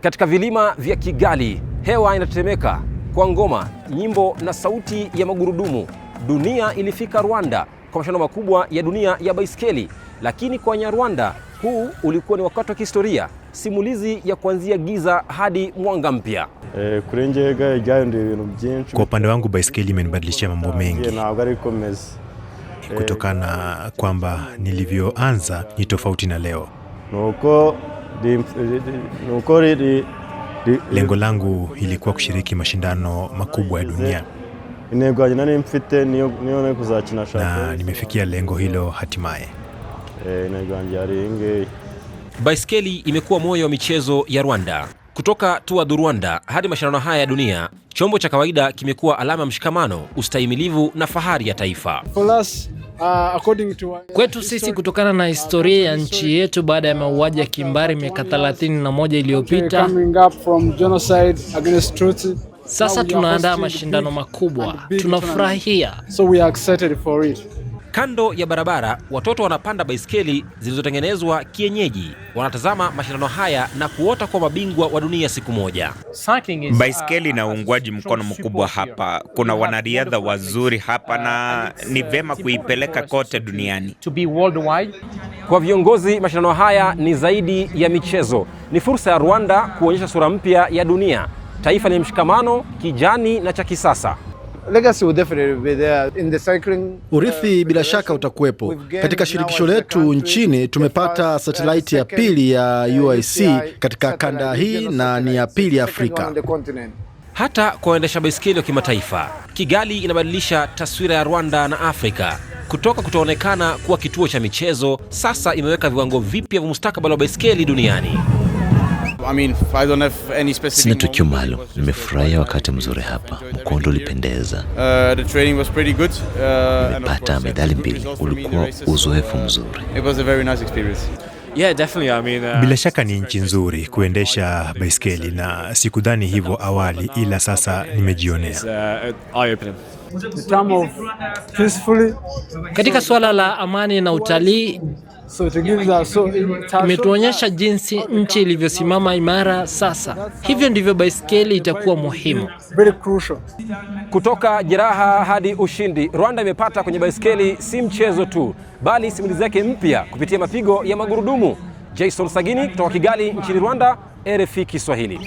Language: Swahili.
Katika vilima vya Kigali hewa inatetemeka kwa ngoma, nyimbo na sauti ya magurudumu. Dunia ilifika Rwanda kwa mashindano makubwa ya dunia ya baiskeli, lakini kwa Wanyarwanda huu ulikuwa ni wakati wa kihistoria, simulizi ya kuanzia giza hadi mwanga mpya. Eh, kwa upande wangu, baiskeli imenibadilishia mambo mengi kutokana na kwamba nilivyoanza ni tofauti na leo. Lengo langu ilikuwa kushiriki mashindano makubwa ya dunia na nimefikia lengo hilo hatimaye. E, Baiskeli imekuwa moyo wa michezo ya Rwanda. Kutoka Tour du Rwanda hadi mashindano haya ya dunia, chombo cha kawaida kimekuwa alama ya mshikamano, ustahimilivu na fahari ya taifa. For us, Uh, kwetu sisi kutokana na uh, historia ya nchi yetu baada ya uh, mauaji ya kimbari miaka 31 iliyopita, sasa tunaandaa mashindano makubwa, tunafurahia. So we are excited for it. Kando ya barabara, watoto wanapanda baiskeli zilizotengenezwa kienyeji, wanatazama mashindano haya na kuota kwa mabingwa wa dunia siku moja. Baiskeli na uh, uungwaji mkono mkubwa hapa, kuna wanariadha wazuri hapa na uh, ni uh, vema kuipeleka kote duniani. Kwa viongozi, mashindano haya ni zaidi ya michezo, ni fursa ya Rwanda kuonyesha sura mpya ya dunia, taifa lenye mshikamano, kijani na cha kisasa. Legacy will definitely be there in the cycling. Uh, Urithi bila shaka utakuwepo katika shirikisho letu nchini. Tumepata uh, satelaiti ya pili ya UIC uh, katika kanda hii na ni ya pili ya Afrika. Hata kwa waendesha baiskeli wa kimataifa, Kigali inabadilisha taswira ya Rwanda na Afrika kutoka kutoonekana kuwa kituo cha michezo, sasa imeweka viwango vipya vya mustakabali wa baiskeli duniani. Sina tukio maalum, nimefurahia wakati mzuri hapa. Mkondo ulipendeza. Uh, the uh, nimepata medali mbili, ulikuwa uzoefu uh, mzuri. Yeah, definitely. I mean, uh, bila shaka ni nchi nzuri kuendesha baiskeli na sikudhani hivyo awali, ila sasa nimejionea. Uh, Katika suala la amani na utalii so imetuonyesha jinsi nchi ilivyosimama imara sasa. Hivyo ndivyo baiskeli itakuwa muhimu. Kutoka jeraha hadi ushindi, Rwanda imepata kwenye baiskeli si mchezo tu, bali simulizi yake mpya kupitia mapigo ya magurudumu. Jason Sagini kutoka Kigali nchini Rwanda, RFI Kiswahili.